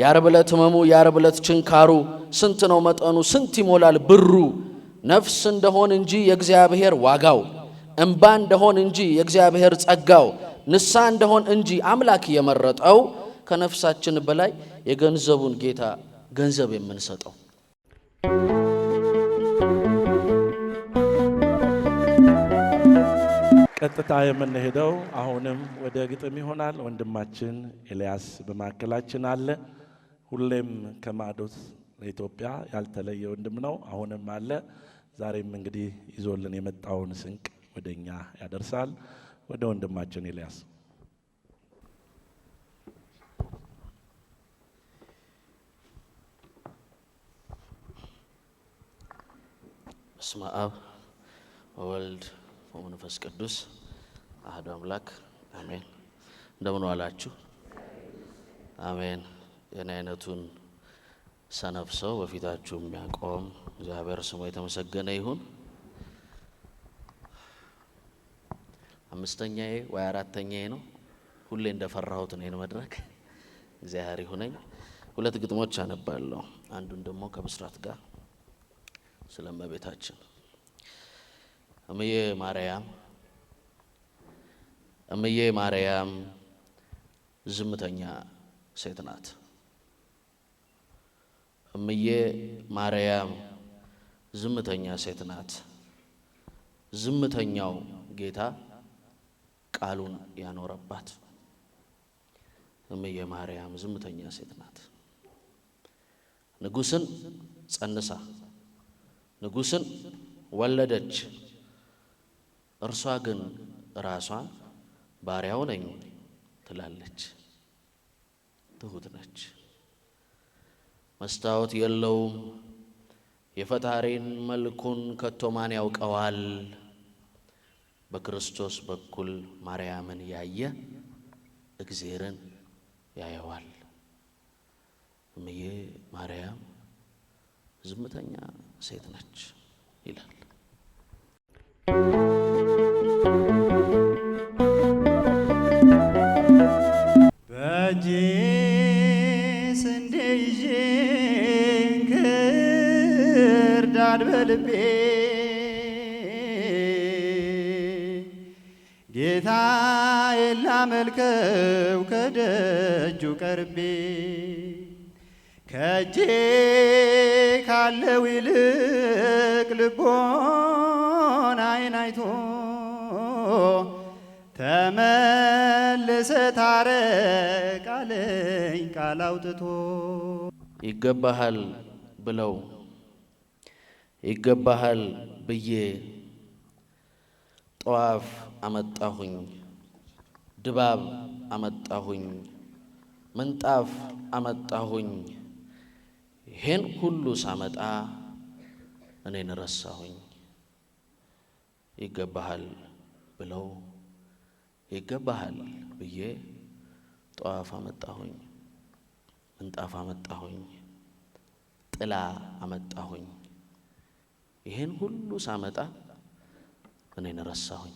የአርብ ዕለት ህመሙ፣ የአርብ ዕለት ችንካሩ፣ ስንት ነው መጠኑ፣ ስንት ይሞላል ብሩ፣ ነፍስ እንደሆን እንጂ የእግዚአብሔር ዋጋው፣ እምባ እንደሆን እንጂ የእግዚአብሔር ጸጋው፣ ንሳ እንደሆን እንጂ አምላክ የመረጠው ከነፍሳችን በላይ የገንዘቡን ጌታ ገንዘብ የምንሰጠው ቀጥታ የምንሄደው አሁንም ወደ ግጥም ይሆናል። ወንድማችን ኤልያስ በመካከላችን አለ። ሁሌም ከማዶስ ለኢትዮጵያ ያልተለየ ወንድም ነው። አሁንም አለ። ዛሬም እንግዲህ ይዞልን የመጣውን ስንቅ ወደ እኛ ያደርሳል። ወደ ወንድማችን ኤልያስ በስመ አብ ወወልድ ወመንፈስ ቅዱስ አህዶ አምላክ አሜን። እንደምን ዋላችሁ? አሜን የኔ አይነቱን ሰነፍ ሰው በፊታችሁ የሚያቆም እግዚአብሔር ስሙ የተመሰገነ ይሁን። አምስተኛዬ ወይ አራተኛዬ ነው። ሁሌ እንደፈራሁት ነው መድረክ። እግዚአብሔር ይሁነኝ። ሁለት ግጥሞች አነባለሁ። አንዱን ደግሞ ከብስራት ጋር ስለ እመቤታችን እምዬ ማርያም እምዬ ማርያም ዝምተኛ ሴት ናት። እምዬ ማርያም ዝምተኛ ሴት ናት። ዝምተኛው ጌታ ቃሉን ያኖረባት እምዬ ማርያም ዝምተኛ ሴት ናት። ንጉሥን ጸንሳ ንጉሥን ወለደች። እርሷ ግን ራሷ ባሪያው ነኝ ትላለች። ትሁት ነች። መስታወት የለውም። የፈጣሪን መልኩን ከቶ ማን ያውቀዋል? በክርስቶስ በኩል ማርያምን ያየ እግዜርን ያየዋል። እምዬ ማርያም ዝምተኛ ሴት ነች ይላል። ይሆናል በልቤ ጌታ መልከው ከደጁ ቀርቤ ከእጄ ካለው ይልቅ ልቦን አይን አይቶ ተመልሰ ታረቅ አለኝ ቃል አውጥቶ ይገባሃል ብለው ይገባሃል ብዬ ጠዋፍ አመጣሁኝ፣ ድባብ አመጣሁኝ፣ ምንጣፍ አመጣሁኝ። ይሄን ሁሉ ሳመጣ እኔን ረሳሁኝ። ይገባሃል ብለው ይገባሃል ብዬ ጠዋፍ አመጣሁኝ፣ ምንጣፍ አመጣሁኝ፣ ጥላ አመጣሁኝ ይሄን ሁሉ ሳመጣ እኔን ረሳሁኝ።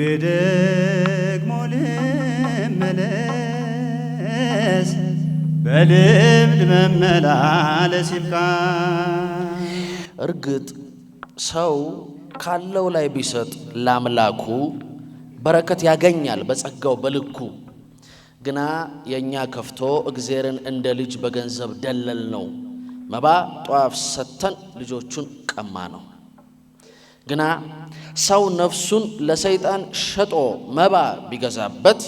ልቤ ደግሞ ልመለስ በልምድ መመላለስ ይብቃ። እርግጥ ሰው ካለው ላይ ቢሰጥ ለአምላኩ በረከት ያገኛል በጸጋው በልኩ። ግና የእኛ ከፍቶ እግዜርን እንደ ልጅ በገንዘብ ደለል ነው። መባ ጧፍ ሰጥተን ልጆቹን ቀማ ነው። ግና ሰው ነፍሱን ለሰይጣን ሸጦ መባ ቢገዛበት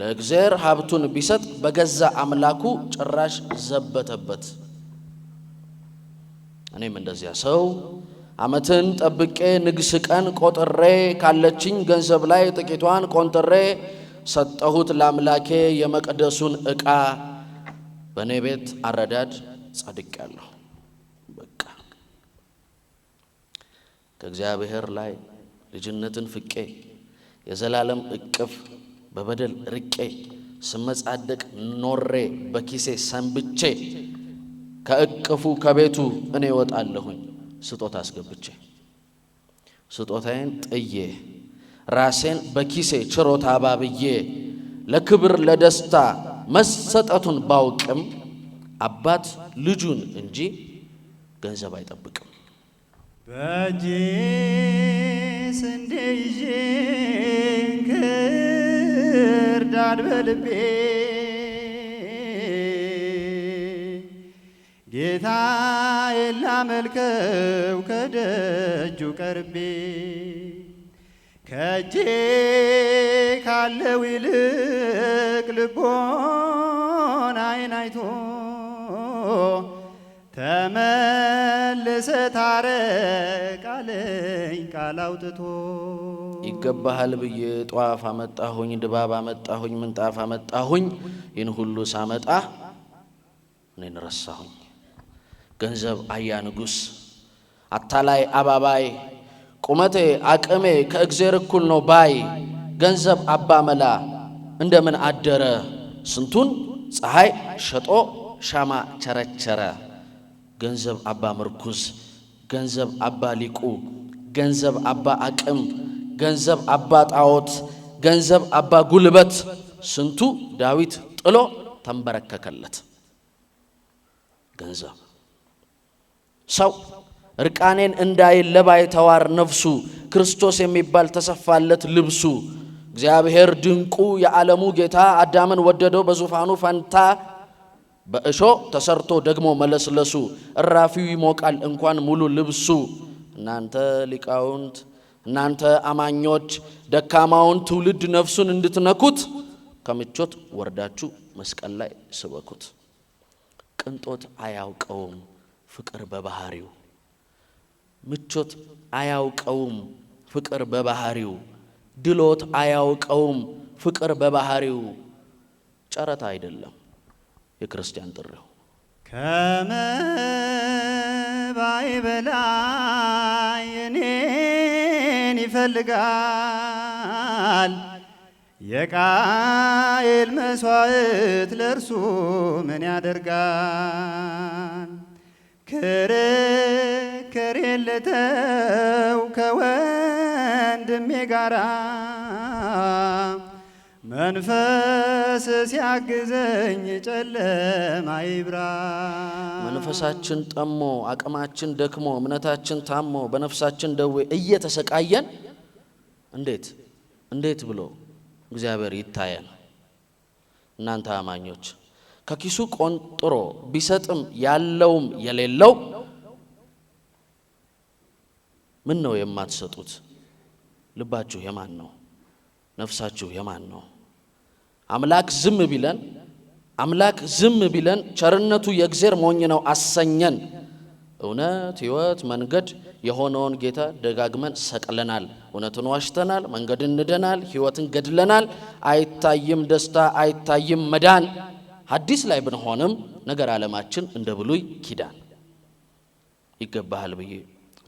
ለእግዚአብሔር ሀብቱን ቢሰጥ በገዛ አምላኩ ጭራሽ ዘበተበት። እኔም እንደዚያ ሰው ዓመትን ጠብቄ ንግስ ቀን ቆጥሬ ካለችኝ ገንዘብ ላይ ጥቂቷን ቆንጥሬ ሰጠሁት ለአምላኬ የመቅደሱን ዕቃ። በእኔ ቤት አረዳድ ጸድቅ ያለሁ ከእግዚአብሔር ላይ ልጅነትን ፍቄ የዘላለም እቅፍ በበደል ርቄ ስመጻደቅ ኖሬ በኪሴ ሰንብቼ ከእቅፉ ከቤቱ እኔ እወጣለሁኝ ስጦታ አስገብቼ ስጦታዬን ጥዬ ራሴን በኪሴ ችሮታ አባብዬ ለክብር ለደስታ መሰጠቱን ባውቅም አባት ልጁን እንጂ ገንዘብ አይጠብቅም። በእጄ ስንዴ ይዤ ክርዳድ በልቤ ጌታ የላመልከው ከደጁ ቀርቤ ከእጄ ካለው ይልቅ ልቦን አይን አይቶ ተመልሰ ታረቃለኝ ቃል አውጥቶ ይገባሃል ብዬ ጧፍ አመጣሁኝ፣ ድባብ አመጣሁኝ፣ ምንጣፍ አመጣሁኝ። ይህን ሁሉ ሳመጣ እኔን ረሳሁኝ። ገንዘብ አያ ንጉሥ አታላይ አባባይ ቁመቴ አቅሜ ከእግዜር እኩል ነው ባይ ገንዘብ አባመላ እንደምን አደረ ስንቱን ፀሐይ ሸጦ ሻማ ቸረቸረ። ገንዘብ አባ ምርኩዝ፣ ገንዘብ አባ ሊቁ፣ ገንዘብ አባ አቅም፣ ገንዘብ አባ ጣዖት፣ ገንዘብ አባ ጉልበት፣ ስንቱ ዳዊት ጥሎ ተንበረከከለት። ገንዘብ ሰው እርቃኔን እንዳይል ለባይ ተዋር ነፍሱ ክርስቶስ የሚባል ተሰፋለት ልብሱ። እግዚአብሔር ድንቁ የዓለሙ ጌታ አዳምን ወደደው በዙፋኑ ፈንታ በእሾ ተሰርቶ ደግሞ መለስለሱ እራፊው ይሞቃል እንኳን ሙሉ ልብሱ። እናንተ ሊቃውንት፣ እናንተ አማኞች ደካማውን ትውልድ ነፍሱን እንድትነኩት ከምቾት ወርዳችሁ መስቀል ላይ ስበኩት። ቅንጦት አያውቀውም ፍቅር በባህሪው፣ ምቾት አያውቀውም ፍቅር በባህሪው፣ ድሎት አያውቀውም ፍቅር በባህሪው። ጨረታ አይደለም። የክርስቲያን ጥሪው ከመባይ ባይ በላይ እኔን ይፈልጋል የቃየል መስዋዕት ለእርሱ ምን ያደርጋል? ክርክር የለተው ከወንድሜ ጋራ መንፈስ ሲያግዘኝ ጨለማ ይብራ። መንፈሳችን ጠሞ አቅማችን ደክሞ እምነታችን ታሞ በነፍሳችን ደዌ እየተሰቃየን እንዴት እንዴት ብሎ እግዚአብሔር ይታየን። እናንተ አማኞች ከኪሱ ቆንጥሮ ቢሰጥም ያለውም የሌለው ምን ነው የማትሰጡት? ልባችሁ የማን ነው? ነፍሳችሁ የማን ነው? አምላክ ዝም ቢለን አምላክ ዝም ቢለን ቸርነቱ የእግዜር ሞኝ ነው አሰኘን። እውነት ሕይወት መንገድ የሆነውን ጌታ ደጋግመን ሰቅለናል። እውነትን ዋሽተናል፣ መንገድን ንደናል፣ ሕይወትን ገድለናል። አይታይም ደስታ፣ አይታይም መዳን። ሐዲስ ላይ ብንሆንም ነገር ዓለማችን እንደ ብሉይ ኪዳን ይገባሃል ብዬ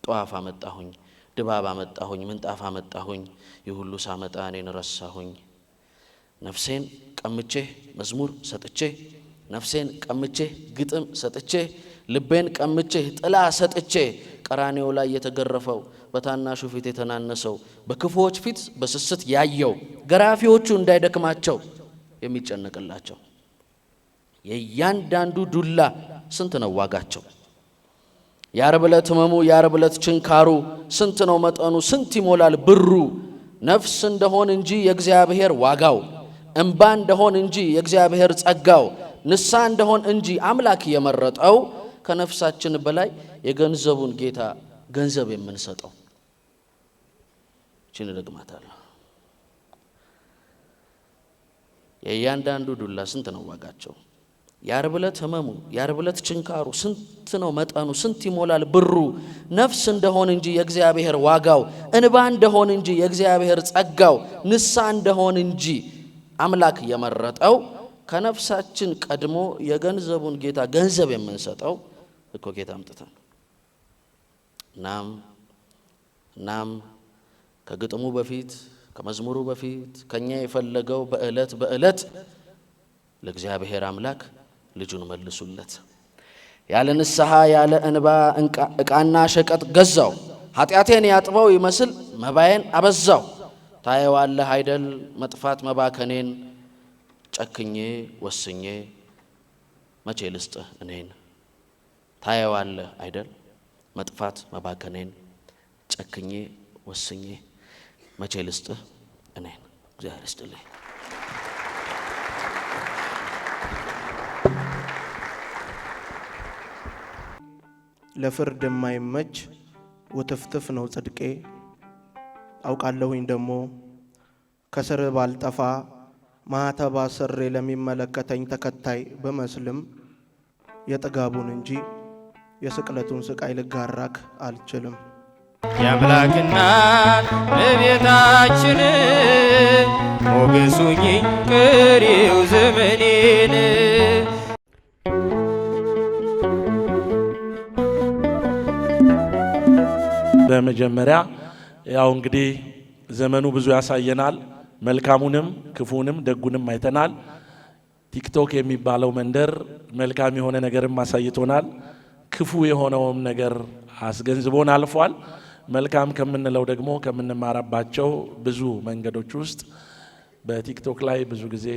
ጠዋፍ አመጣሁኝ፣ ድባብ አመጣሁኝ፣ ምንጣፍ አመጣሁኝ፣ ይህ ሁሉ ሳመጣ እኔን ረሳሁኝ። ነፍሴን ቀምቼ መዝሙር ሰጥቼ ነፍሴን ቀምቼ ግጥም ሰጥቼ ልቤን ቀምቼ ጥላ ሰጥቼ ቀራኔው ላይ የተገረፈው በታናሹ ፊት የተናነሰው በክፉዎች ፊት በስስት ያየው ገራፊዎቹ እንዳይደክማቸው የሚጨነቅላቸው የእያንዳንዱ ዱላ ስንት ነው ዋጋቸው? የአርብ ዕለት ህመሙ፣ የአርብ ዕለት ችንካሩ ስንት ነው መጠኑ? ስንት ይሞላል ብሩ? ነፍስ እንደሆን እንጂ የእግዚአብሔር ዋጋው እምባ እንደሆን እንጂ የእግዚአብሔር ጸጋው፣ ንሳ እንደሆን እንጂ አምላክ የመረጠው ከነፍሳችን በላይ የገንዘቡን ጌታ ገንዘብ የምንሰጠው ችን እደግማታለሁ። የእያንዳንዱ ዱላ ስንት ነው ዋጋቸው? የአርብ ዕለት ህመሙ፣ የአርብ ዕለት ችንካሩ ስንት ነው መጠኑ? ስንት ይሞላል ብሩ? ነፍስ እንደሆን እንጂ የእግዚአብሔር ዋጋው፣ እንባ እንደሆን እንጂ የእግዚአብሔር ጸጋው፣ ንሳ እንደሆን እንጂ አምላክ የመረጠው ከነፍሳችን ቀድሞ የገንዘቡን ጌታ ገንዘብ የምንሰጠው እኮ ጌታ አምጥተን እናም እናም ከግጥሙ በፊት ከመዝሙሩ በፊት ከእኛ የፈለገው በእለት በእለት ለእግዚአብሔር አምላክ ልጁን መልሱለት። ያለ ንስሐ ያለ እንባ እቃና ሸቀጥ ገዛው። ኃጢአቴን ያጥበው ይመስል መባዬን አበዛው። ታየዋለህ አይደል መጥፋት መባከኔን ጨክኜ ወስኜ መቼ ልስጥህ እኔን ታየዋለህ አይደል መጥፋት መባከኔን ጨክኜ ወስኜ መቼ ልስጥህ እኔን። እግዚአብሔር ይስጥልኝ። ለፍርድ የማይመች ውትፍትፍ ነው ጽድቄ አውቃለሁኝ ደግሞ ከስር ባልጠፋ ማተባ ስሬ ለሚመለከተኝ ተከታይ በመስልም የጥጋቡን እንጂ የስቅለቱን ስቃይ ልጋራክ አልችልም። የአምላክና እመቤታችን ሞገሱኝ ቅሪው ዘመኔን በመጀመሪያ ያው እንግዲህ ዘመኑ ብዙ ያሳየናል። መልካሙንም ክፉንም ደጉንም አይተናል። ቲክቶክ የሚባለው መንደር መልካም የሆነ ነገርም አሳይቶናል፣ ክፉ የሆነውም ነገር አስገንዝቦን አልፏል። መልካም ከምንለው ደግሞ ከምንማራባቸው ብዙ መንገዶች ውስጥ በቲክቶክ ላይ ብዙ ጊዜ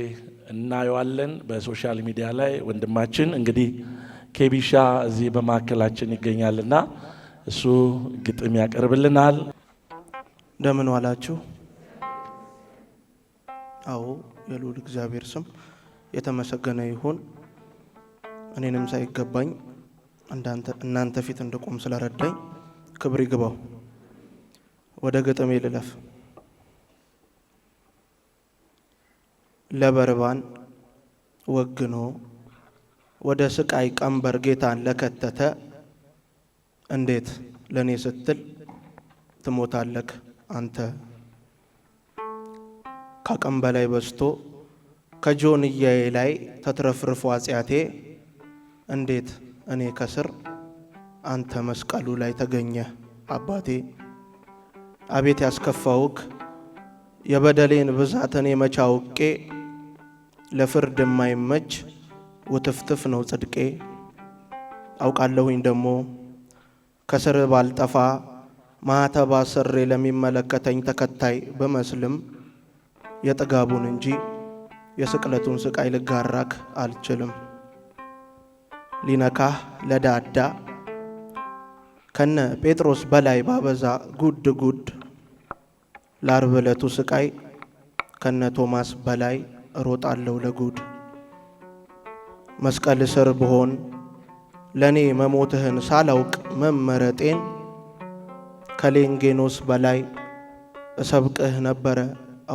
እናየዋለን። በሶሻል ሚዲያ ላይ ወንድማችን እንግዲህ ኬቢሻ እዚህ በማዕከላችን ይገኛልና እሱ ግጥም ያቀርብልናል። እንደምን ዋላችሁ። አዎ የሉል እግዚአብሔር ስም የተመሰገነ ይሁን። እኔንም ሳይገባኝ እናንተ ፊት እንድቆም ስለረዳኝ ክብር ይግባው። ወደ ገጠሜ ልለፍ። ለበርባን ወግኖ ወደ ስቃይ ቀንበር ጌታን ለከተተ እንዴት ለእኔ ስትል ትሞታለክ? አንተ ከአቅም በላይ በዝቶ ከጆንያዬ ላይ ተትረፍርፎ አጽያቴ እንዴት እኔ ከስር አንተ መስቀሉ ላይ ተገኘ አባቴ። አቤት ያስከፋውክ የበደሌን ብዛት እኔ መቼ አውቄ ለፍርድ የማይመች ውትፍትፍ ነው ጽድቄ። አውቃለሁኝ ደግሞ ከስር ባልጠፋ ማዕተብ አስሬ ለሚመለከተኝ ተከታይ ብመስልም የጥጋቡን እንጂ የስቅለቱን ስቃይ ልጋራክ አልችልም። ሊነካህ ለዳዳ ከነ ጴጥሮስ በላይ ባበዛ ጉድ ጉድ ለአርብ ዕለቱ ስቃይ ከነ ቶማስ በላይ እሮጣለሁ ለጉድ። መስቀል ስር ብሆን ለእኔ መሞትህን ሳላውቅ መመረጤን ከሌንጌኖስ በላይ እሰብቅህ ነበረ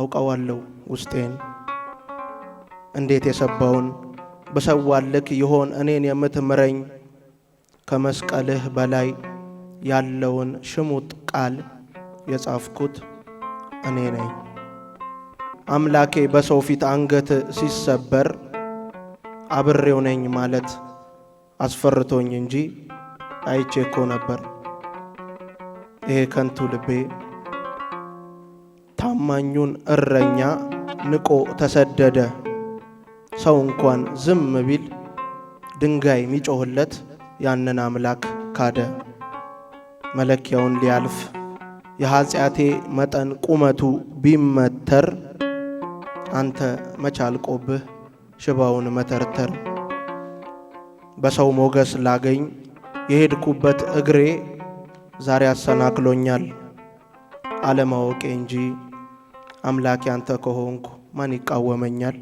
አውቀዋለሁ ውስጤን እንዴት የሰባውን በሰዋልክ ይሆን እኔን የምትምረኝ ከመስቀልህ በላይ ያለውን ሽሙጥ ቃል የጻፍኩት እኔ ነኝ። አምላኬ በሰው ፊት አንገት ሲሰበር አብሬው ነኝ ማለት አስፈርቶኝ እንጂ አይቼ እኮ ነበር። ይሄ ከንቱ ልቤ ታማኙን እረኛ ንቆ ተሰደደ። ሰው እንኳን ዝም ቢል ድንጋይ ሚጮህለት ያንን አምላክ ካደ። መለኪያውን ሊያልፍ የኃጢአቴ መጠን ቁመቱ ቢመተር አንተ መቻልቆብህ ሽባውን መተርተር በሰው ሞገስ ላገኝ የሄድኩበት እግሬ ዛሬ አሰናክሎኛል አለማወቄ እንጂ አምላኬ አንተ ከሆንኩ ማን ይቃወመኛል?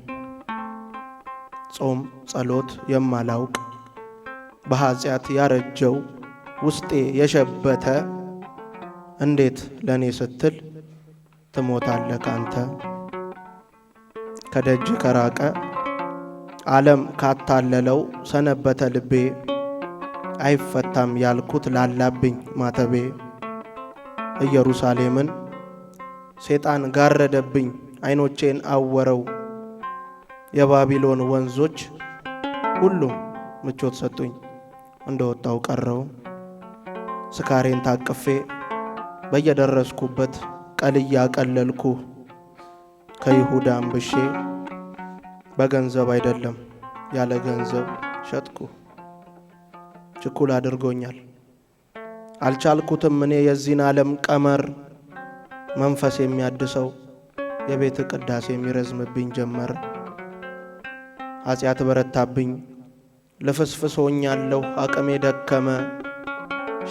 ጾም ጸሎት የማላውቅ በኀጢአት ያረጀው ውስጤ የሸበተ እንዴት ለእኔ ስትል ትሞታለህ ካንተ ከደጅ ከራቀ ዓለም ካታለለው ሰነበተ ልቤ አይፈታም ያልኩት ላላብኝ ማተቤ ኢየሩሳሌምን ሴጣን ጋረደብኝ ዓይኖቼን አወረው። የባቢሎን ወንዞች ሁሉ ምቾት ሰጡኝ እንደወጣው ቀረው። ስካሬን ታቅፌ በየደረስኩበት ቀልያ ቀለልኩ ከይሁዳ ብሼ በገንዘብ አይደለም ያለ ገንዘብ ሸጥኩ። ችኩል አድርጎኛል። አልቻልኩትም እኔ የዚህን ዓለም ቀመር መንፈስ የሚያድሰው የቤት ቅዳሴ የሚረዝምብኝ ጀመር። ኃጢአት በረታብኝ፣ ልፍስፍስ አቅሜ ደከመ።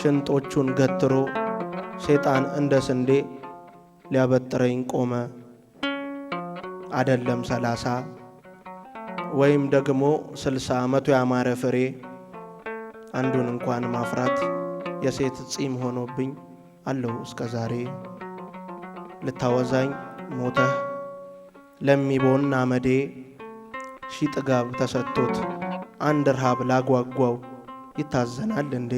ሽንጦቹን ገትሮ ሴጣን እንደ ስንዴ ሊያበጥረኝ ቆመ። አደለም ሰላሳ ወይም ደግሞ ስልሳ መቶ ያማረ ፍሬ አንዱን እንኳን ማፍራት የሴት ጺም ሆኖብኝ አለሁ እስከ ዛሬ። ልታወዛኝ ሞተህ ለሚቦን አመዴ ሺ ጥጋብ ተሰጥቶት አንድ ረሃብ ላጓጓው ይታዘናል እንዴ?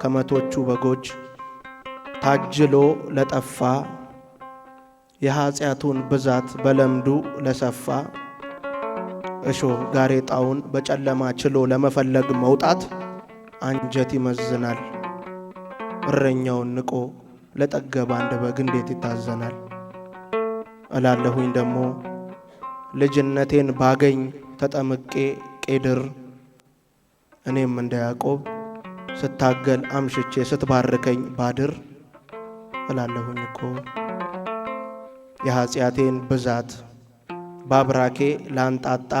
ከመቶቹ በጎች ታጅሎ ለጠፋ የኀጢአቱን ብዛት በለምዱ ለሰፋ እሾህ ጋሬጣውን በጨለማ ችሎ ለመፈለግ መውጣት አንጀት ይመዝናል። እረኛውን ንቆ ለጠገበ አንድ በግ እንዴት ይታዘናል? እላለሁኝ ደግሞ ልጅነቴን ባገኝ ተጠምቄ ቄድር እኔም እንደ ያዕቆብ ስታገል አምሽቼ ስትባርከኝ ባድር እላለሁኝ እኮ የኀጢአቴን ብዛት ባብራኬ ላንጣጣ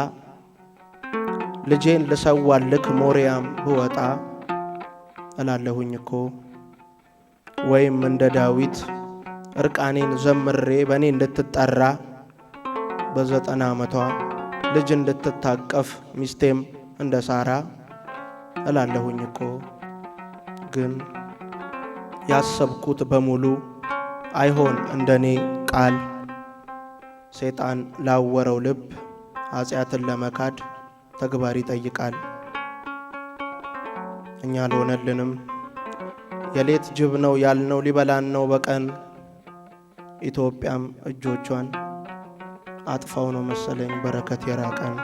ልጄን ልሰዋልክ ሞሪያም ብወጣ እላለሁኝ እኮ ወይም እንደ ዳዊት እርቃኔን ዘምሬ በእኔ እንድትጠራ በዘጠና ዓመቷ ልጅ እንድትታቀፍ ሚስቴም እንደ ሳራ እላለሁኝ እኮ ግን ያሰብኩት በሙሉ አይሆን እንደኔ ቃል ሰይጣን ላወረው ልብ ኃጢአትን ለመካድ ተግባር ይጠይቃል። እኛ አልሆነልንም። የሌት ጅብ ነው ያልነው ሊበላን ነው በቀን። ኢትዮጵያም እጆቿን አጥፋው ነው መሰለኝ በረከት የራቀን።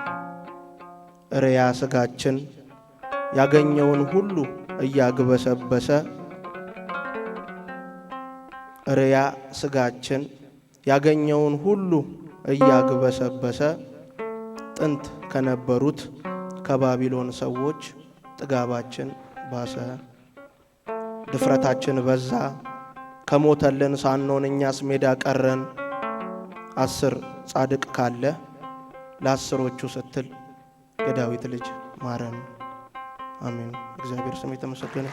እርያ ስጋችን ያገኘውን ሁሉ እያግበሰበሰ እርያ ስጋችን ያገኘውን ሁሉ እያግበሰበሰ ጥንት ከነበሩት ከባቢሎን ሰዎች ጥጋባችን ባሰ፣ ድፍረታችን በዛ፣ ከሞተልን ሳንሆን እኛስ ሜዳ ቀረን። አስር ጻድቅ ካለ ለአስሮቹ ስትል የዳዊት ልጅ ማረን። አሜን። እግዚአብሔር ስም የተመሰገነ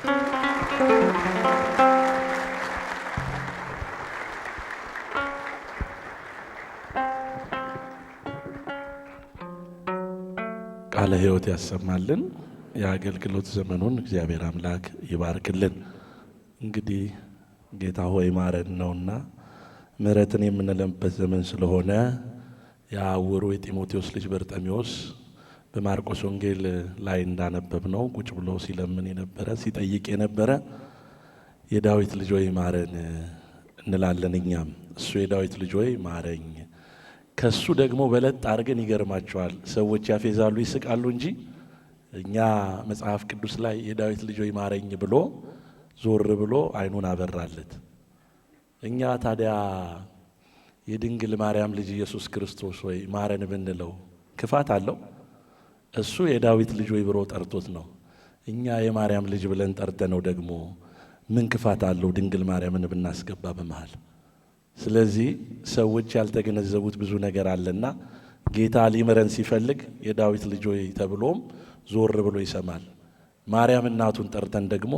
የተሻለ ህይወት ያሰማልን። የአገልግሎት ዘመኑን እግዚአብሔር አምላክ ይባርክልን። እንግዲህ ጌታ ሆይ ማረን ነውና ምሕረትን የምንለምበት ዘመን ስለሆነ የአውሩ የጢሞቴዎስ ልጅ በርጠሚዎስ በማርቆስ ወንጌል ላይ እንዳነበብ ነው ቁጭ ብሎ ሲለምን የነበረ ሲጠይቅ የነበረ የዳዊት ልጅ ሆይ ማረን እንላለን። እኛም እሱ የዳዊት ልጅ ሆይ ማረኝ ከሱ ደግሞ በለጥ አድርገን ይገርማቸዋል። ሰዎች ያፌዛሉ፣ ይስቃሉ እንጂ እኛ መጽሐፍ ቅዱስ ላይ የዳዊት ልጅ ይማረኝ ብሎ ዞር ብሎ አይኑን አበራለት። እኛ ታዲያ የድንግል ማርያም ልጅ ኢየሱስ ክርስቶስ ወይ ማረን ብንለው ክፋት አለው? እሱ የዳዊት ልጅ ወይ ብሎ ጠርቶት ነው። እኛ የማርያም ልጅ ብለን ጠርተነው ደግሞ ምን ክፋት አለው? ድንግል ማርያምን ብናስገባ በመሃል ስለዚህ ሰዎች ያልተገነዘቡት ብዙ ነገር አለና ጌታ ሊምረን ሲፈልግ የዳዊት ልጅ ሆይ ተብሎም ዞር ብሎ ይሰማል። ማርያም እናቱን ጠርተን ደግሞ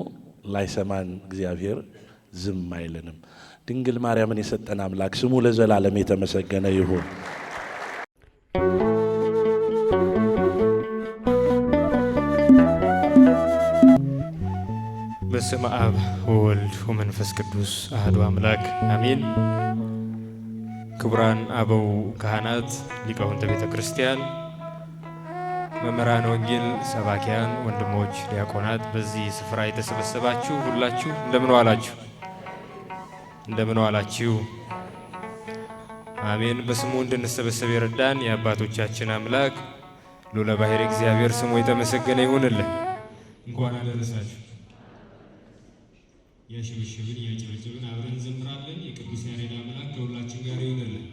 ላይሰማን እግዚአብሔር ዝም አይልንም። ድንግል ማርያምን የሰጠን አምላክ ስሙ ለዘላለም የተመሰገነ ይሁን። በስም አብ ወልድ ወመንፈስ ቅዱስ አህዱ አምላክ አሜን። ክቡራን አበው ካህናት፣ ሊቃውንተ ቤተ ክርስቲያን፣ መምህራን ወንጌል ሰባኪያን፣ ወንድሞች ዲያቆናት፣ በዚህ ስፍራ የተሰበሰባችሁ ሁላችሁ እንደምን ዋላችሁ? እንደምን ዋላችሁ? አሜን። በስሙ እንድንሰበሰብ የረዳን የአባቶቻችን አምላክ ሉለ ባሕርይ እግዚአብሔር ስሙ የተመሰገነ ይሁንልን። እንኳን አደረሳችሁ። ያሸበሸብን እያጨበጨብን አብረን እንዘምራለን። የቅዱስ ያሬድ አምላክ ከሁላችን ጋር ይሆነልን።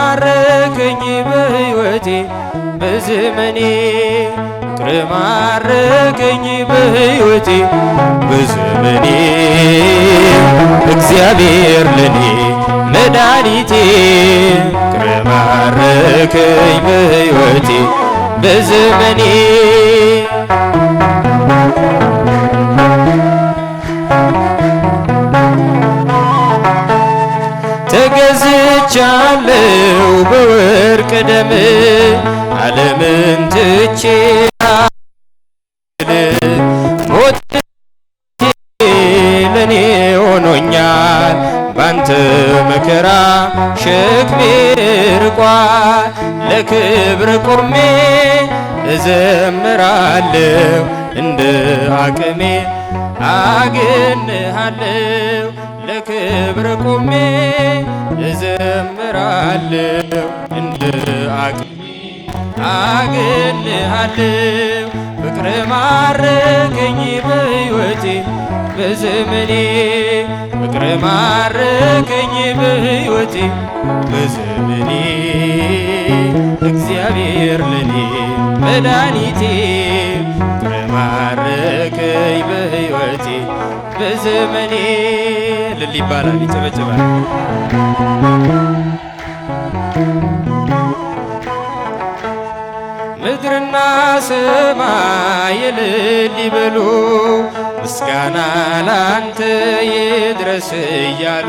ማረከኝ በሕይወቴ በዘመኔ ፍቅር ማረከኝ በሕይወቴ በዘመኔ እግዚአብሔር ለኔ መድኃኒቴ ፍቅር ማረከኝ በሕይወቴ በዘመኔ ተረድቻለሁ በወርቅ ደም ዓለምን ትቼ ሞት ለኔ ሆኖኛል ባንተ መከራ ሸክሜ ርቋል ለክብር ቆሜ እዘምራለሁ እንደ አቅሜ አግንሃለሁ ለክብር ቆሜ እዘምራለሁ እንደ አቅሜ አገልሃለሁ ፍቅር ማረከኝ በሕይወቴ በዘመኔ ፍቅር ማረከኝ በሕይወቴ በዘመኔ እግዚአብሔር ለኔ መድኃኒቴ ባረከኝ በሕይወቴ በዘመኔ ልል ይባላል ይጨበጭባል። ምድርና ሰማይ እልል ይበሉ ምስጋና ላንተ ይድረስ እያሉ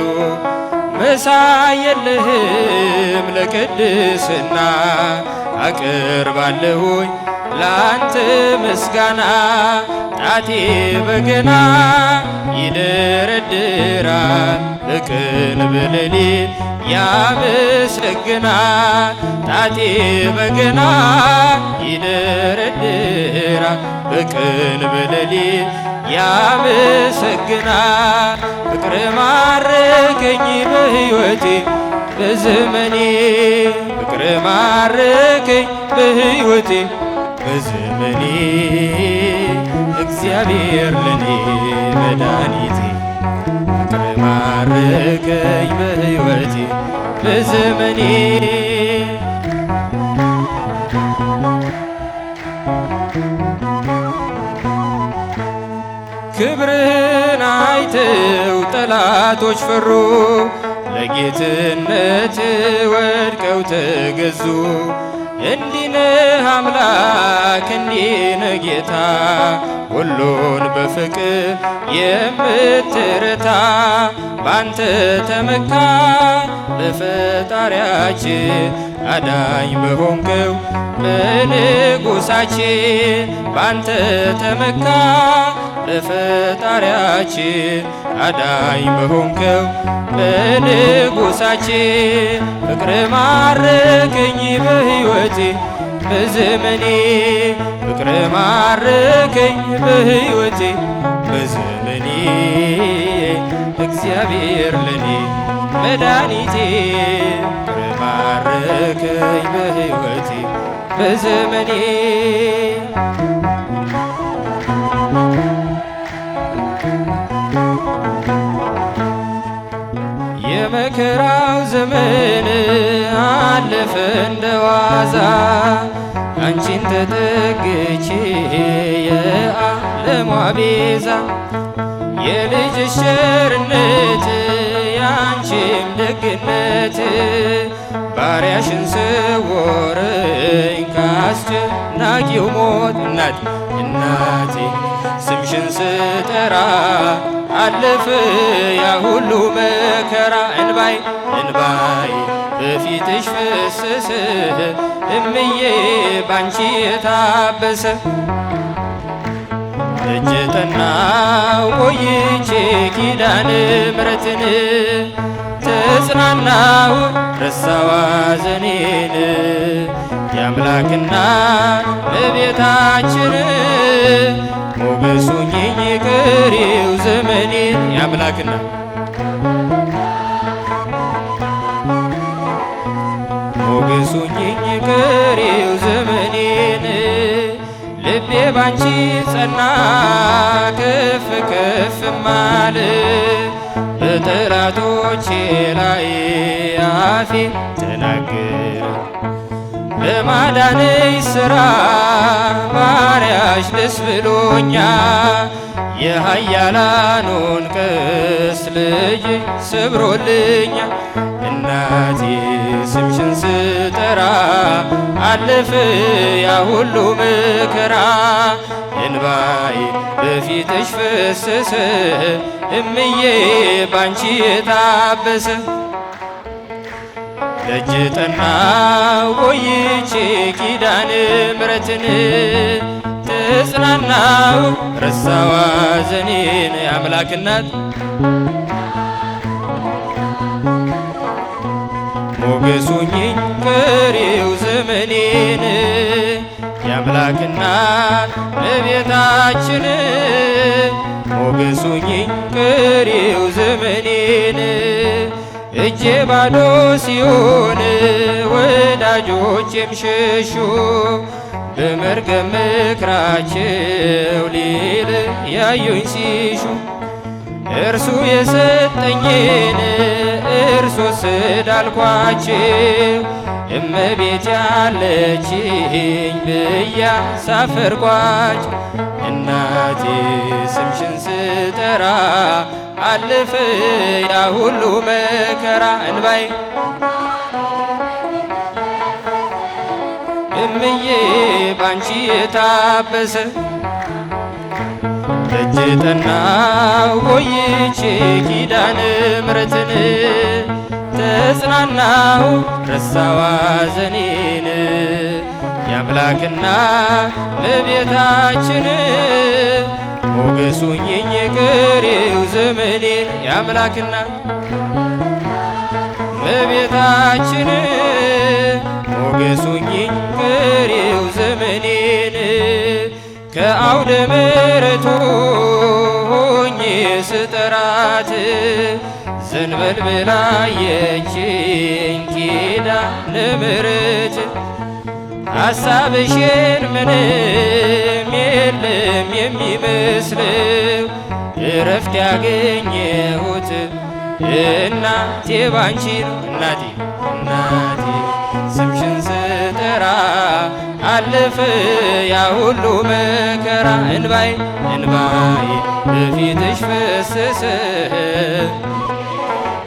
መሳየልህም ለቅድስና አቅርባለሁኝ ለአንተ ምስጋና ጣቴ በገና ይደረድራል በቀን በሌሊት ያመሰግና ጣቴ በገና ይደረድራል በቀን በሌሊት ያመሰግናል ፍቅር ማረከኝ በሕይወቴ በዘመኔ ፍቅር ማረከኝ በሕይወቴ በዘመኔ እግዚአብሔር ለኔ መድኃኒቴ ፍቅር ማረከኝ በሕይወቴ በዘመኔ ክብርህን አይተው ጠላቶች ፈሩ፣ ለጌትነት ወድቀው ተገዙ። እንዲነ አምላክ እንዲነ ጌታ፣ ሁሉን በፍቅር የምትረታ ባንተ ተመካ በፈጣሪያችን አዳኝ በሆንከው በንጉሳችን ባንተ ተመካ ለፈጣሪያችን አዳኝ በሆንከው በንጉሳችን ፍቅር ማረከኝ በሕይወቴ በዘመኔ ፍቅር ማረከኝ በሕይወቴ በዘመኔ እግዚአብሔር ለኔ መድኃኒቴ ባረከኝ በሕይወቴ በዘመኔ የመከራው ዘመን አለፈ እንደዋዛ አንቺን ተጠግቼ የዓለሟ ቤዛ የልጅሽ ቸርነት ያንቺም ደግነት ባሪያሽን ሰወረኝ ከአስጨናቂው ሞት። እናቴ እናቴ ስምሽን ስጠራ አለፍ ያ ሁሉ መከራ። እንባይ እንባይ በፊትሽ ፈሰሰ እምዬ ባንቺ የታበሰ እጀ ጠና ቆይቼ ኪዳነ ምሕረትን ተጽናናው ረሳው ሐዘኔን የአምላክና እቤታችን ሞገሱኝኝ ቀሪው ዘመኔን የአምላክና ሞገሱኝ ቀሪው ዘመኔን ልቤ ባንቺ ጸና ከፍ ከፍ ማለት በጠላቶቼ ላይ አፌ ተናገረ በማዳነሽ ሥራ ባሪያሽ ደስ ብሎኛል። የኃያላኑን ቀስት ልጅሽ ሰብሮልኛል እናቴ ስምሽን ስጠራ አለፈ ያ ሁሉ መከራ እንባይ በፊትሽ ፈሰሰ እምዬ ባንቺ የታበሰ ደጅ ጠናው ቆይቼ ኪዳነ ምሕረትን ተጽናናው ረሳዋ ዘኔን አምላክናት ሞገሱኝ ቀሪው ዘመኔን የአምላክና እመቤታችን ሞገሱኝ ቀሪው ዘመኔን እጄ ባዶ ሲሆን ወዳጆቼም ሸሹ በመርገም ምክራቸው ሌል ያዩኝ ሲሹ እርሱ የሰጠኝን እርሱ ስዳልኳችሁ እመቤት ያለችኝ ብያ ሳፈርኳች እናቴ ስምሽን ስጠራ አልፍ ያ ሁሉ መከራ እንባይ እምዬ ባንቺ የታበሰ እጅ ጠናው ቆይቼ ኪዳነ ምሕረትን ተጽናናው የአምላክና ለቤታችን ሞገሱኝኝ የቀሬው ዘመኔ የአምላክና ለቤታችን ዘመኔ ከአውደ ምሕረቱ ሆኜ ስጠራት ዘንበል ብላ የችኝ ኪዳነ ምሕረት ሐሳብሽን ምንም የለም የሚመስለው እረፍት ያገኘሁት እናቴ ባንቺ ነው እናቴ እናቴ ስምሽን ስጠራ አለፈ ያ ሁሉ መከራ እንባይ እንባይ በፊትሽ ፈሰሰ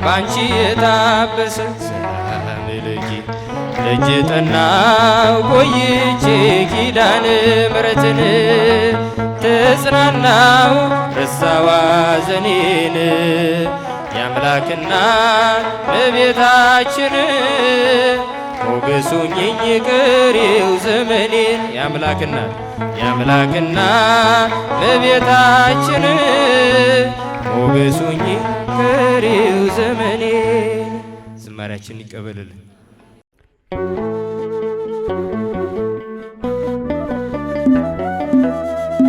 ባንቺ የታበሰ ሰላም ልኪ እጅ ጠናው ቆይቼ ኪዳነ ምሕረትን ተጽናናው ረሳዋ ዘኔን የአምላክና በቤታችን! ሞገሱኝ ይቅሪው ዘመኔን የአምላክና የአምላክና እመቤታችን ሞገሱኝ ይቅሪው ዘመኔን ዝማሪያችን ይቀበልልን።